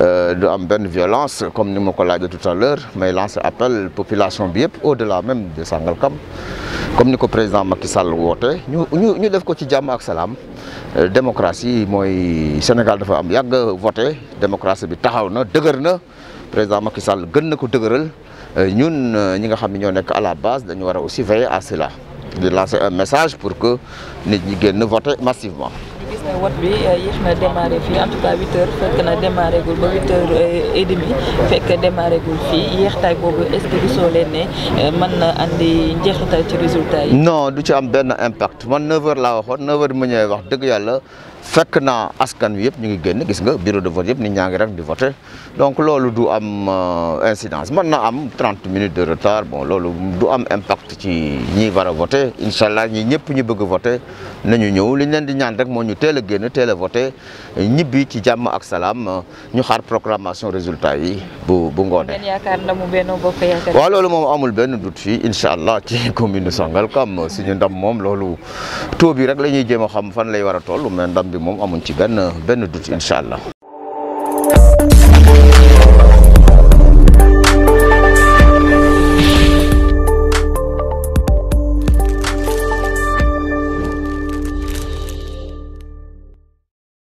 Euh, du am violence comme nous ma ko tout à l'heure mais mais lance appel population BIEP, au-delà même de Sangalkam comme nous ko président Macky Sall voté Nous ñu ñu def ko ci euh, démocratie Le Sénégal dafa am la démocratie bi taxaw Le président Macky Sall gën Nous, euh, nous à la base dañu devons aussi veiller à cela de lancer un message pour que nous ñi voter massivement gis bi eh, yéex na démarré fii en tout cas huit heures fekk gul ba huit heures eh, fekk démarré gul fii yéextaay boobu est ce leen ne eh, mën na andi njeexital ci résultat yi. non du ci am benn impact man neuf heures laa waxoon neuf heures mu ñëwee wax dëgg yàlla. fekk na askan wi yëpp ñu ngi génn gis nga bureau de vote yëpp ni ñaa ngi rek di vote donc loolu du am euh, incidence mën na am trente minutes de retard bon loolu du am impact ci ñi war a voté incha allah ñi ñëpp ñu bëgg voté nañu ñëw li ñu leen di ñaan rek moo ñu teel a génn teel a voté ñibbi ci jàmm ak salaam ñu xaar proclamation résultat yi bu bu ngoonee. waaw loolu moom amul benn doute fii incha allah ci commune Sangalkam suñu ndam moom loolu taux bi rek la ñuy jéem a xam fan lay war a toll mais ndam bi moom amuñ ci benn benn doute incha allah.